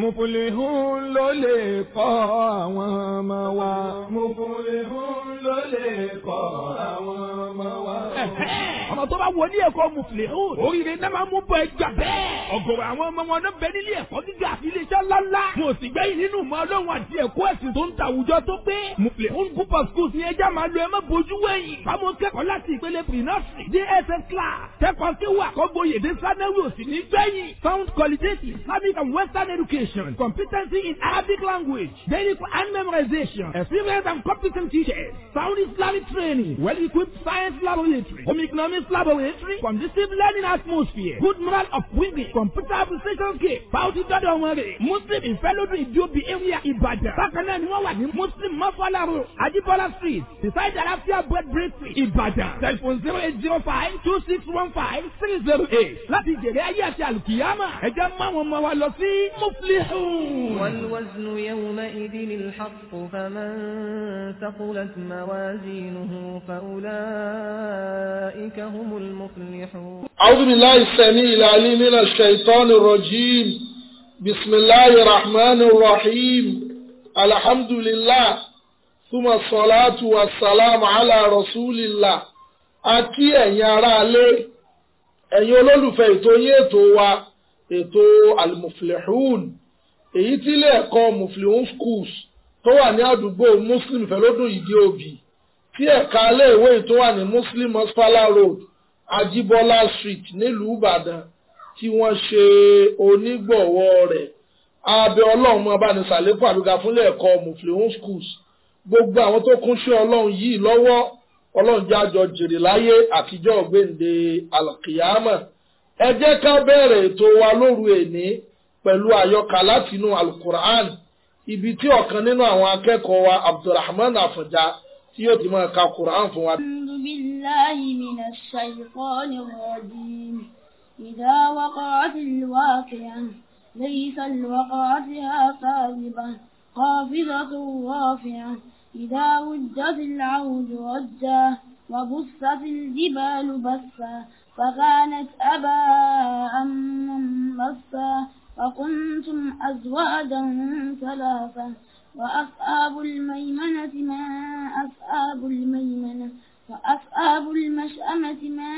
mupulihun ló lè kọ́ àwọn ọmọ wa. mupulihun ló lè kọ́ àwọn ọmọ wa. ọmọ tó bá wọlé ẹ̀kọ́ muflihun. oríire náà máa mú bọ ẹja bẹ́ẹ̀. ọ̀gọ̀rọ̀ àwọn ọmọ wọn náà bẹ nílé ẹ̀kọ́ gíga àti iléeṣẹ́ ńláńlá. mo sì gbẹ́yìn nínú ìmọ̀ ọlọ́run àti ẹ̀kọ́ ẹ̀sìn tó ń ta àwùjọ tó pé. muflihun gúpọ̀ schools ni ẹja máa lo ẹ má bojú wẹ̀yìn. báwo kẹ́kọ̀ọ́ láti ìpele pre-nursery dss class. kẹ́kọ̀ọ́ kéwù àkọ́gbóyèdè sanẹ́wì òsì ní gbẹ̀yìn. sound qualitative Islamic and Western education competency in Arabic language daily Quran memorization experience and competent teachers sound Islamic training, well-equipped science laboratory, home economics laboratory, conducive learning atmosphere, good moral of women, computer application kit, bounty dọ́dọ̀ wọn rè. Muslim ìfẹ́lódún ìdíòbí area Ìbàdàn. Bákan náà ni wọ́n wà ní Muslim Mọ́fọ́lá road, Ajibola street, beside Alafia bread bakery, Ibadan? Telephone zero eight zero five two six one five three zero eight. Láti jèrè ayé àti àlùkìyámà, ẹ jẹ́ mú àwọn ọmọ wa lọ sí Muflihun. Wal waznu yawma idin al-haqq faman thaqulat ma موازينه فأولئك هم المفلحون أعوذ بالله السميع العليم من الشيطان الرجيم بسم الله الرحمن الرحيم الحمد لله ثم الصلاة والسلام على رسول الله أكي أن يرى ẹ̀yin أن ètò yín المفلحون wa ètò Al-Muflihun èyí tó wà ní àdúgbò muslim fẹlódún ìdí òbí tí ẹ̀ka iléèwé tó wà ní muslim hospala road ajibola street nílùú ìbàdàn tí wọ́n ṣe onígbọ̀wọ́ rẹ̀ abẹ ọlọ́run mọ abánisàlékún àlùgà fúnlẹ̀ ẹ̀kọ́ mufleon schools gbogbo àwọn tó kún sí ọlọ́run yìí lọ́wọ́ ọlọ́run jẹ́ àjọ jèrè láyé àtijọ́ ọ̀gbẹ́ǹde alkiyama ẹ jẹ́ ká bẹ̀rẹ̀ ètò wa lóru èní pẹ̀lú àyọkà látinú alukur'an ibi tí ọ̀kan nínú àwọn akẹ́kọ̀ọ́ wa Abdulrahman Afọ̀njá tí yóò ti máa ka Quran fún wa. A'udhu billahi minash shaytanir rajim. Idha waqa'atil waqi'ah laysa liwaqa'atiha kadhibah qafidatun rafi'ah. Idha rujjatil ardu rajjah wa bust-il jibalu bassa fa kanat abaa'an massa. وكنتم أزواجا ثلاثة وأصحاب الميمنة ما أصحاب الميمنة وأصحاب المشأمة ما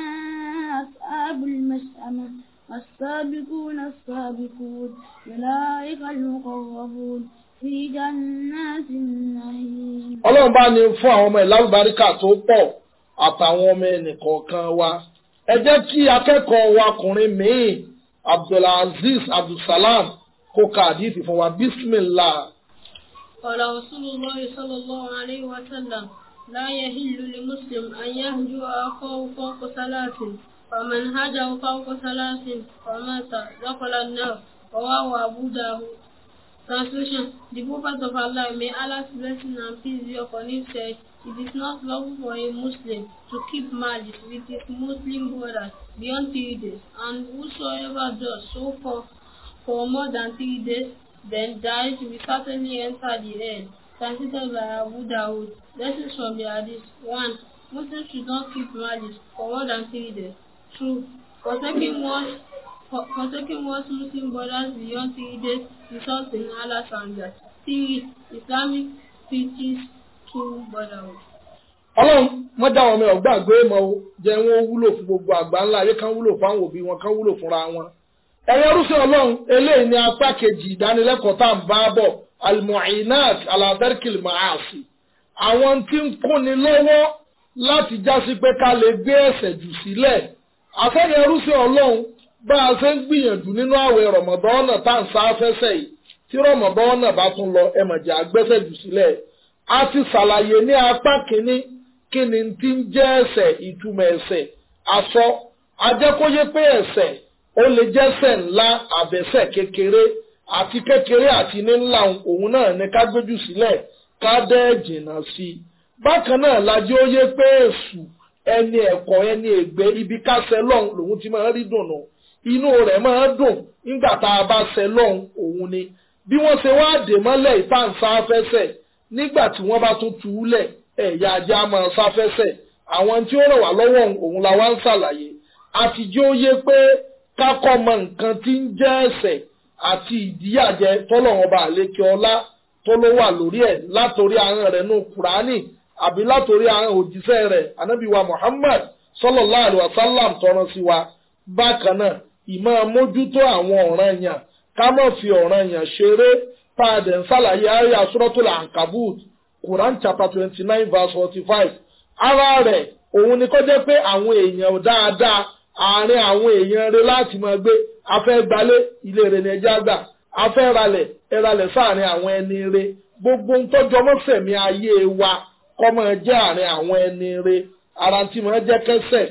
أصحاب المشأمة والسابقون السابقون أولئك المقربون في جنات النعيم اللهم بارك ní fún àwọn ọmọ ẹ̀ lálùbáríkà tó pọ̀ àtàwọn ọmọ ẹnìkọ̀ọ̀kan ẹ jẹ́ kí akẹ́kọ̀ọ́ wa ọkùnrin mí abdulaziz abdulsalam kó ka àdìsí fún wa bísímìlá. قال رسول الله صلى الله عليه وسلم لا يحل لمسلم أن يهجو أخاه فوق ثلاث فمن هجر فوق ثلاث فمات دخل النار رواه أبو داود Translation The Prophet of Allah may Allah's blessing and peace be upon him said It is not lawful for a Muslim to keep marriage with his Muslim brother beyond three days, and whosoever does so for, for more than three days, then dies will certainly enter the end. Considered by Abu Dawood. Lessons from the Hadith. 1. Muslims should not keep marriage for more than three days. 2. Forsaking one's forsaking one's Muslim brothers beyond three days results in Allah's anger. 3. Islamic teachings ọlọ́run wọ́n dá ọmọ ọ̀gbà gbé mọ́ o jẹ́ wọ́n wúlò fún gbogbo àgbà ńlá ayé kan wúlò fún àwọn òbí wọn kan wúlò fúnra wọn. ẹ̀yẹ́ rúṣẹ́ ọlọ́run eléyìí ni apá kejì ìdánilẹ́kọ̀ọ́ tá à ń bá bọ̀ almuinat aladarkil maasi àwọn tí ń kúnni lọ́wọ́ láti jásí pé ká lè gbé ẹ̀ṣẹ̀ jù sílẹ̀. àfẹ́yẹ rúṣẹ́ ọlọ́run bá a ṣe ń gbìyànjú nínú àwẹ̀ rọ̀mọ̀dọ́nà tá à ń sáfẹ́sẹ̀ yìí tí rọ̀mọ̀dọ́nà bá tún lọ ẹ̀mọ̀jà gbẹ́sẹ̀ jù sílẹ̀ a ti ṣàlàyé ní apá kínní kí ni ti ń jẹ́ ẹ̀ṣẹ̀ ìtumọ̀ ẹ̀ṣẹ̀ aṣọ ajẹ́kóyé pé ẹ̀ṣẹ̀ ó lè jẹ́ṣẹ̀ ńlá àbẹ̀ṣẹ̀ kékeré àti kékeré àti ní ńlá òun náà ni ká gbójú sílẹ̀ ká dẹ́ jìnnà sí i bákan náà lajú ó yé pé èṣù ẹni ẹ̀kọ́ ẹni ègbé ibi ká ṣẹ lọ́hùn lòun ti máa ń rí dùnú inú rẹ̀ máa dùn nígbà tá a bá ṣẹ lọ́hùn òun ni bí wọ́n ṣe wá dè mọ́lẹ̀ ìpáǹsá fẹ́sẹ̀ nígbà tí wọ́n bá tún tu úlẹ̀ ẹ̀yà ajá máa sáfẹ́sẹ̀ àwọn tí ó ràn wá lọ́wọ́ òun la wá ń ṣàlàyé àti jẹ́ ó yé pé kákọ́ mọ nǹkan tí ń jẹ́ ẹ̀ṣẹ̀ àti ìdíyàjẹ tọ́lọ́wọ́n bá lékè ọlá tó ló wà lórí ẹ̀ látòrí ahọ́n rẹ̀ nù kúránì àbí látòrí ahọ́n òjíṣẹ́ rẹ̀ anábìwa Muhammad sallallahu alaihi wasallam tọrọ sí wa bákan náà ìmọ̀ mójútó àwọn ọ̀ranyàn ká má fi ọ̀ranyàn ṣeré táàdẹ̀ ń ṣàlàyé àyà suratul ankabut quran chapter twenty nine verse forty five ara rẹ̀ òun ni kó jẹ́ pé àwọn èèyàn dáadáa àárín àwọn èèyàn rẹ̀ láti máa gbé afẹ́ gbalé ilé rẹ̀ ní ẹja gbà afẹ́ ralẹ̀ ẹralẹ̀ sáàrin àwọn ẹni rẹ̀ gbogbo ń tọ́jọ́ mọ́sẹ̀mí ayé wa kọ́ máa jẹ́ àárín àwọn ẹni rẹ̀ ara tí máa jẹ́ kẹsẹ̀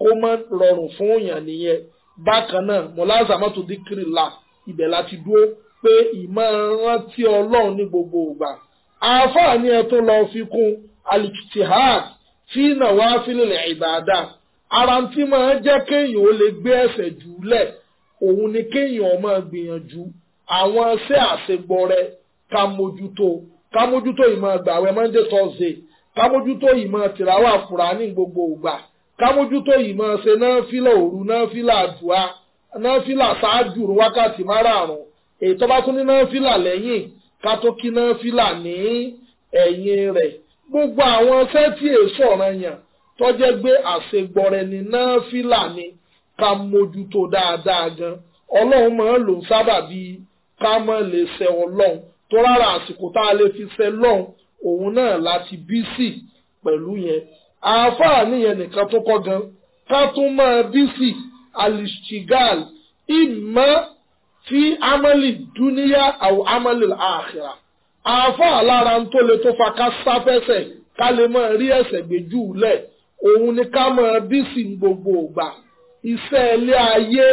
kó máa rọrùn fún èèyàn nìyẹn bákan náà mọ̀láṣà mọ́tò díkìrì la ibẹ̀ láti dúró pé ìmáa rántí ọlọ́run ní gbogbo ìgbà àǹfààní ẹ tó lọ fi kún alikitihad tí nàwa fílẹ̀ ìbàdà ara tí máa jẹ́ kéèyàn ó lè gbé ẹsẹ̀ jùlẹ̀ òun ni kéèyàn máa gbìyànjú àwọn iṣẹ́ àṣegbọrẹ ká mójútó ká mójútó ìmọ̀ gbàwẹ̀ monday thursday ká mójútó ìmọ̀ tìráwà fúrání gbogbo ìgbà ká mójútó ìmọ̀ ṣe náà fílà òru náà fílà àdúrà náà fílà ṣáájú wákàtí márààrún èyí tó bá tún ní náfìlà lẹ́yìn ká tó kí náfìlà ní ẹ̀yìn rẹ̀ gbogbo àwọn sẹ́ẹ̀tì èso ọ̀ranyàn tó jẹ́ gbé àṣegbọrẹ ní náfìlà ni ká mójútó dáadáa gan ọlọ́run máa ń lò ń sábà bíi ká mọ̀ lè ṣe ọlọ́run tó rárá àsìkò tá a lè fi ṣe lọ́run òun náà láti bí sí pẹ̀lú yẹn àáfàá nìyẹn nìkan tó kọ́ gan ká tún máa bí sí alistigal ìmọ̀ fi amali dúníyà àwọn amali àkhírà àáfà lára ń tó le tó fa ká sáfẹ́sẹ̀ ká lè máa rí ẹ̀sẹ̀ gbèjú lẹ̀ òun ni ká máa bí sí gbogbo ògbà iṣẹ́ ilé ayé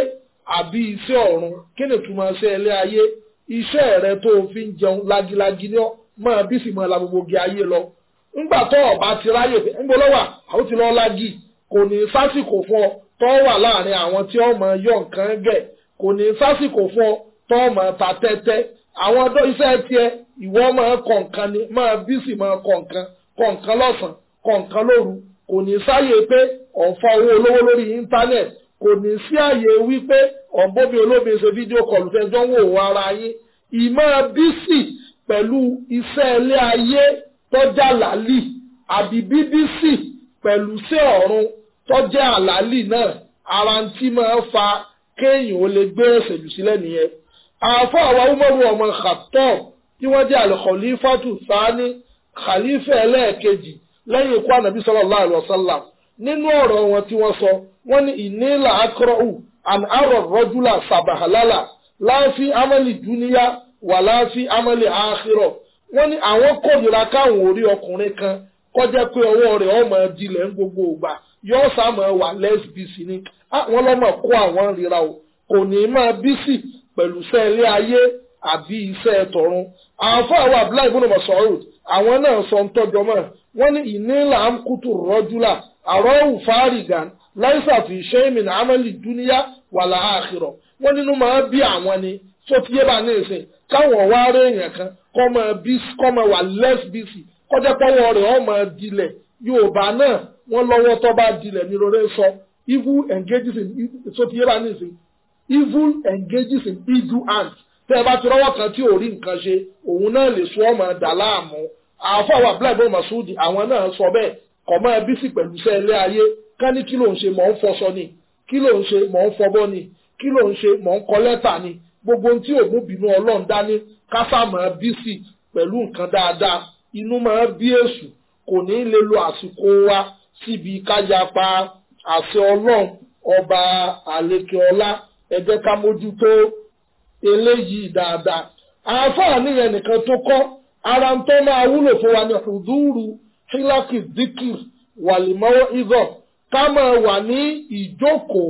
àbí iṣẹ́ ọ̀run kí ni túmọ̀ iṣẹ́ ilé ayé iṣẹ́ rẹ tó fi ń jẹun lagilagi ni ọ́ máa bí sì la gbogbo igi ayé lọ ńgbà tó ọba ti ráyè pé ńgbọ́ lọ́wà àwọn ti lọ́ọ́ lagi kò ní sásìkò fún ọ tó wà láàrin àwọn tí ọmọ yọ nǹkan gẹ̀ kò ní sásìkò fún ọ tọ́ máa ta tẹ́tẹ́ àwọn ọdọ iṣẹ́ tiẹ̀ ìwọ máa kọ̀ nǹkan ni máa bísí máa kọ̀ nǹkan kọ̀ nǹkan lọ́sàn kọ̀ nǹkan lóru kò ní sáyè pé ọ̀fọ̀ owó olówó lórí íńtánẹ̀tì kò ní sí àyè wípé ọ̀bọ́bí olóbi ṣe fídíò kọ̀lù fẹjọ́ wò wọ ara yín ìmọ̀ bísí pẹ̀lú iṣẹ́ ilé ayé tọ́jà làálì àbí bíbísì pẹ̀lú sí ọ̀run tọ́jà àlàálì náà ara ń tí máa fa kéèyàn ó lè gbé òṣèlú sílẹ̀ nìyẹn àfọ àwa umaru ọmọ khatọ tí wọ́n jẹ́ al-khalifatu sani khalifa ẹlẹ́ẹ̀kejì lẹ́yìn ikú anabi sallallahu alaihi wasallam nínú ọ̀rọ̀ wọn tí wọ́n sọ wọ́n ní ìnílà akọrọhù an arọ rọjúlà sàbàhálàlà láàfi amẹlì dúníyà wà láàfi amẹlì àkírọ wọ́n ní àwọn kòmìnira káwọn orí ọkùnrin kan kọjá pé ọwọ́ rẹ̀ ọmọ dilẹ̀ ń gbogbo ògbà yóò sàmọ̀ wà less busy ni àwọn ah, lọ́mọ̀ kó àwọn ríra o kò ní máa busy pẹ̀lú iṣẹ́ ilé ayé àbí iṣẹ́ tọ̀run àáfàá wa abdullahi ibn Mas'ud àwọn náà sọ ń tọ́jọ́ mọ́ wọ́n ní ìnílà ń kútu rọ́júlà àrọ́ òfàárìgàn láìsà fi ṣe é mìíràn amẹ́lì dúníyà wà láàkìrọ̀ wọ́n nínú máa bí àwọn ni tó ti yé bá ní ìsìn káwọn wá rí èèyàn kan kọ́ máa wà less busy kọjá pọ́wọ́ rẹ̀ ọ́ máa dilẹ̀ Yorùbá náà wọ́n lọ́wọ́ tó bá dilẹ̀ ní rere sọ evil engages in so ti yé bá ní evil engages in evil ants tẹ́ ẹ bá ti rọ́wọ́ kan tí ò rí nǹkan ṣe òun náà lè sọ ọmọ dà láàmú àfọwọ́ abúlẹ̀bọ̀ masudi àwọn náà sọ bẹ́ẹ̀ kọ̀ mọ́ ẹbí sì pẹ̀lú iṣẹ́ ilé ayé ká ní kí ló ń ṣe mọ̀ ń fọṣọ ni kí ló ń ṣe mọ̀ ń fọbọ́ ni kí ló ń ṣe mọ̀ ń kọ lẹ́tà ni gbogbo ohun tí òun bínú ọlọ́run dání kásá mọ́ bí sí pẹ̀lú nǹkan dáadáa inú mọ́ bí èṣù kò ní í lè lo àsìkò wa síbi káyapa àṣẹ ọlọ́run ọba àlekèọlá ẹ jẹ́ ká mójútó eléyìí dáadáa àǹfààní yẹn nìkan tó kọ́ ara ń tọ́ máa wúlò fún wa ní ọ̀dúrú hilaki dikir wàlímọ́wọ́ igọ̀ ká máa wà ní ìjókòó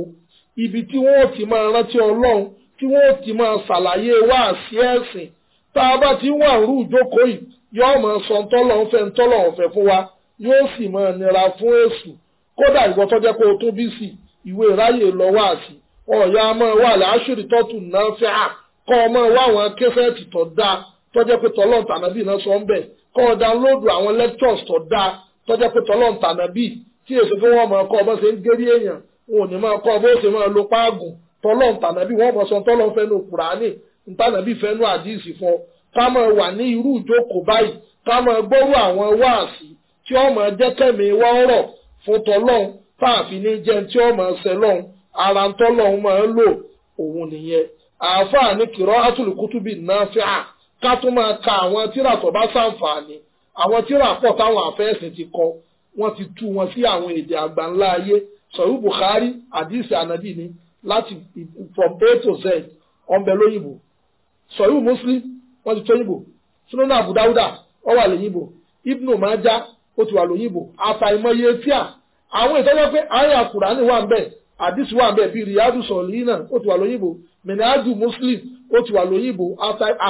ibi tí wọ́n ti máa rántí ọlọ́run tí wọ́n ti máa ṣàlàyé wá sí ẹ̀sìn tá a bá ti wà rú ìjókòó yìí yọ́ọ́ máa sọ ntọ́lọ́run fẹ́ ntọ́lọ́run fẹ́ fún wa yóò sì máa nira fún èṣù kódà ìwọ tó jẹ́ pé o tó bí sí ìwé ráyè lọ wá sí ọ̀yà máa wà láṣìírí tọ́tù náà fẹ́ à kọ́ ọ máa wá àwọn kẹfẹ́ẹ̀tì tó dáa tó jẹ́ pé tọ́lọ́ tànàbí náà sọ ń bẹ̀ kọ́ ọ dáńlódù àwọn lectures tó dáa tó jẹ́ pé tọ́lọ́ tànàbí tí èso fún wọn máa kọ́ ọ bó ṣe ń gérí èèyàn wọn ò ní máa kọ́ ọ bó máa lo páàgùn tọ́lọ́ tànàbí wọ́n mọ̀ sọ tọ́lọ́ fẹ́nu kùránì ntànàbí fẹ́nu àdìsí fún ọ ká máa wà ní irú ìjókòó báyìí ká máa gbọ́rú àwọn wáàsí tí ó máa jẹ́ kẹ́mi wọ́n rọ̀ fún tọ́lọ́hún táàfin ní jẹun tí ó máa ṣẹ lọ́hún ara ń tọ́lọ́hún máa ń lò òun nìyẹn àáfàá ní kìrọ́ átùlùkútùbì náà fi hàn ká tún máa ka àwọn tíra tó bá ṣàǹfààní àwọn tíra táwọn àfẹ́sìn ti kọ wọ́n ti tú wọn sí àwọn èdè àgbáńlá ayé sọ̀rọ̀ Bukhari àdìsí ànábì ni láti from A to Z ọ̀nbẹ lóyìnbó sọ̀rọ̀ Muslim wọ́n ti tó yìnbó Sunan Abu Dawuda ọ̀wà lẹ́yìnbó Ibnu Majah ó ti wà lóyìnbó àtàìmọye tíà àwọn ìtọ́jọ́ pé àyà kùránì wà ń bẹ̀ àdìsí wà ń bẹ̀ bíi riyadu sọ̀lìnà ó ti wà lóyìnbó mẹ̀nàdù muslim ó ti wà lóyìnbó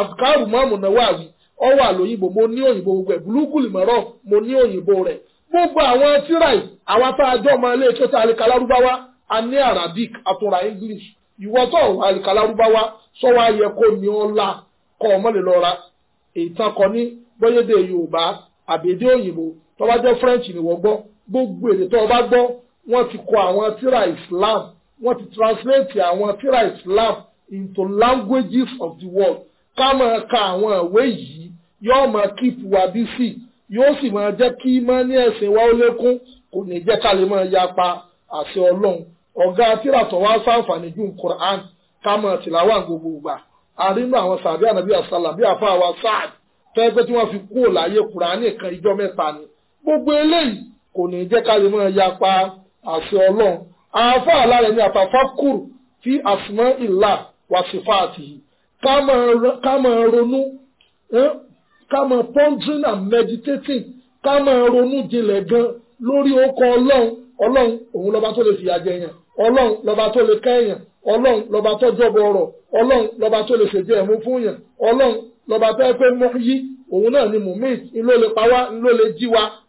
àkàrù mọ́mù náwàwí ó wà lóyìnbó mo ní òyìnbó gbẹ búlúkùlì mọ́rọ̀ mo ní òyìnbó rẹ̀ gbogbo àwọn tíráì àwọn tá ọmọ ilé e tó ta àlekà lárúbáwá a ní arabic àtúnra english ìwọ tó àlekà lárúbáwá sọ́wọ́ ayẹ kó ní ọ̀la kọ́ ọmọ lè lọ ra ní gbọ́yédè yorùbá àbèdè òyìnbó tó bá jẹ́ french ni wọ́n gbọ́ gbogbo èdè tó bá gbọ́ wọ́n ti kọ àwọn tíra islam wọ́n ti translate àwọn tíra islam into languages of the world ká máa ka àwọn ìwé yìí yóò máa keep wa busy yóò sì máa jẹ́ kí máa ní ẹ̀sìn wa ó lékún kò ní jẹ́ ká lè máa yapa àṣẹ ọlọ́run ọ̀gá tíra tó wá sáǹfààní ju quran ká máa tìláwà gbogbo ìgbà àrínú àwọn sàbí ànàbí àsálà bí àfa àwa sáàd fẹ́ẹ́ pé tí wọ́n fi kúrò láyé quran nìkan ìjọ mẹ́ta ni gbogbo eléyìí kò ní jẹ́ ká lè máa yapa àṣẹ ọlọ́run àáfà alára ní àtàfàkùrù fi àsùnmọ́ ìlà wàṣífàtì yìí ká máa ronú ká máa pondering and meditating ká máa ronú jinlẹ̀ gan lórí ọkọ̀ ọlọ́run ọlọ́run òun lọ́ba tó lè fìyà jẹ yàn ọlọ́run lọ́ba tó lè kẹ́yàn ọlọ́run lọ́ba tó jọ̀bọ̀ ọ̀rọ̀ ọlọ́run lọ́ba tó lè ṣèjẹ́ ẹ̀mú fún yàn ọlọ́run lọ́ba tó ẹ pé mọ́ yí òun náà ni mùmíìs ló lè pa wá ló lè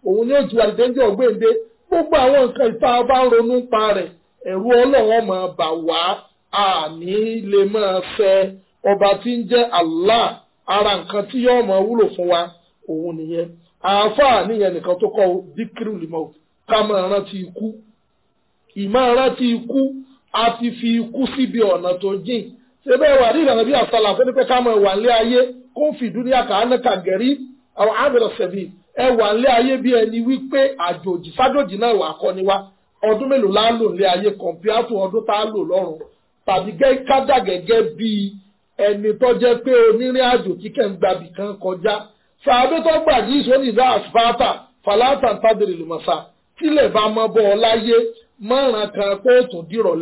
òun ni ó jí wa ìdẹ́njọ́ gbogbo àwọn nǹkan ìta bá ń ronú pa rẹ̀ ẹ̀rú ọlọ́run máa bà wá lè máa ọba tí ń jẹ́ ara nǹkan tí yóò máa wúlò fún wa òun nìyẹn àáfàá nìyẹn nìkan tó kọ díkírù lìmọ̀ ká máa rántí ikú ìmáa a ti fi ikú síbi ọ̀nà tó jìn Ebe ẹwà ní ìlànà bí àṣàlà fún pé káwọn ẹwà ńlẹ ayé kó ń fìdú ní àkàánà kàgẹrí àwọn àbẹ̀rẹ̀ sẹ̀bì ẹwà ńlẹ ayé bí ẹni wípé àjòjì sájòjì náà wà kọ́ni wa ọdún mélòó la lò ńlẹ ayé kọ̀m̀pútà ọdún tá a lò lọ́run tàbí kádà gẹ́gẹ́ bíi ẹni tó jẹ́ pé onírìn àjò kíkẹ́ ń gbàbì kan kọjá sàbẹ tó gbà ní ìsọ́nì ìdá àsìpáàtà fàlàtà tàbí ìlùmọ̀sà tílẹ̀ bá mọ́ bọ́ ọ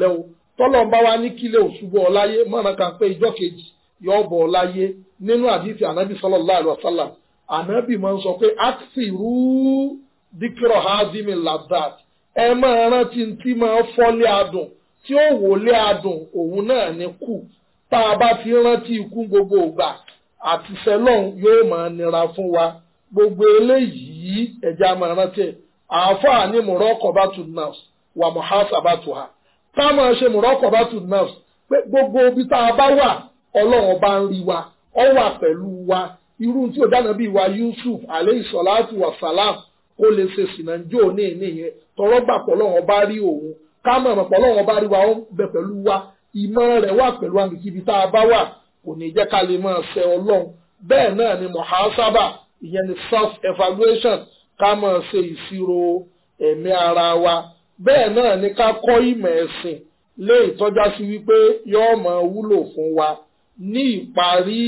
tọ́lọ́n wa wá ní kílẹ̀ òṣùbọ̀ ọláyé mọ̀nà kan pé ìjọ kejì yóò bọ̀ ọláyé nínú àdìsí ànábì sallallahu alaihi wasallam ànábì máa ń sọ pé àksìrú díkìrọ̀ hazimi ladat ẹ máa rántí tí máa fọ́lé adùn tí ó wọlé adùn òun náà ní kù tá a bá ti rántí ikú gbogbo ìgbà àti sẹlọ́n yóò máa nira fún wa gbogbo eléyìí ẹ̀já máa rántí àáfàá ní mùrọ́kọ̀ bá tu nà wà mùhásà bá tu ha ká máa ṣe mùrọ́kọ̀ bá tù nerves pé gbogbo ibi tá a bá wà ọlọ́run bá ń rí wa ọ wà pẹ̀lú wa irú tí ó dáná bíi wa Yusuf aleyhi salatu wa salam kó lè ṣe sìnàjò ní ìníyẹn tọrọ gbà pọ̀ lọ́wọ́ bá rí òun ká mọ̀ mọ̀ pọ̀ lọ́wọ́ bá rí wa ó bẹ pẹ̀lú wa ìmọ̀ rẹ̀ wà pẹ̀lú àgbègbè tá a bá wà kò ní jẹ́ ká lè máa ṣe ọlọ́run bẹ́ẹ̀ náà ni muhasaba ìyẹn ni self evaluation ká máa ṣe ìṣirò ẹ̀mí ara wa bẹ́ẹ̀ náà ni ká kọ́ ìmọ̀ ẹ̀sìn lé ìtọ́já sí wípé yóò máa wúlò fún wa ní ìparí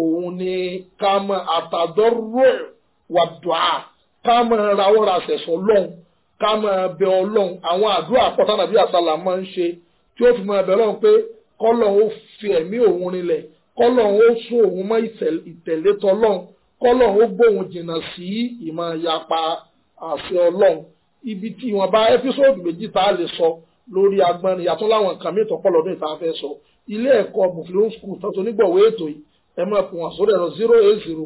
òun ni ká mọ àtàdọ́rọ̀ wàdùà ká mọ rawọ́ ra sẹ̀sọ́ lọ́hùn ká mọ bẹ ọlọ́hun àwọn àdúrà pọ̀tánà bí àsálà máa ń ṣe tí ó fi mọ ẹbẹ̀ lọ́hùn pé kọ́lọ̀ ó fi ẹ̀mí òun rinlẹ̀ kọ́lọ̀ ó sún òun mọ́ ìtẹ̀lé tọ́lọ́hùn kọ́lọ̀ ó gbóhùn jìnnà sí ìmọ̀ yapa àṣẹ ọlọ́hun ibi tí wọ́n bá ẹ́písòdù méjì tá a lè sọ lórí agbọ́nrin yàtọ̀ láwọn nǹkan mìíràn tọ́pọ̀ lọ́dún ìta fẹ́ sọ ilé ẹ̀kọ́ bufilon school tó tó nígbọ̀wé ètò yìí ẹ máa pọ̀ wọ́n sórí ẹ̀rọ zero eight zero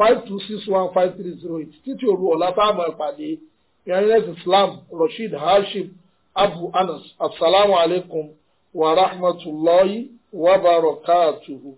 five two six one five three zero eight títí òru ọ̀la tá a máa pàdé ìrìnàjò Islam Rasheed Hashim Abu Anas asalaamu alaykum wa rahmatulahi wa barakatuhu.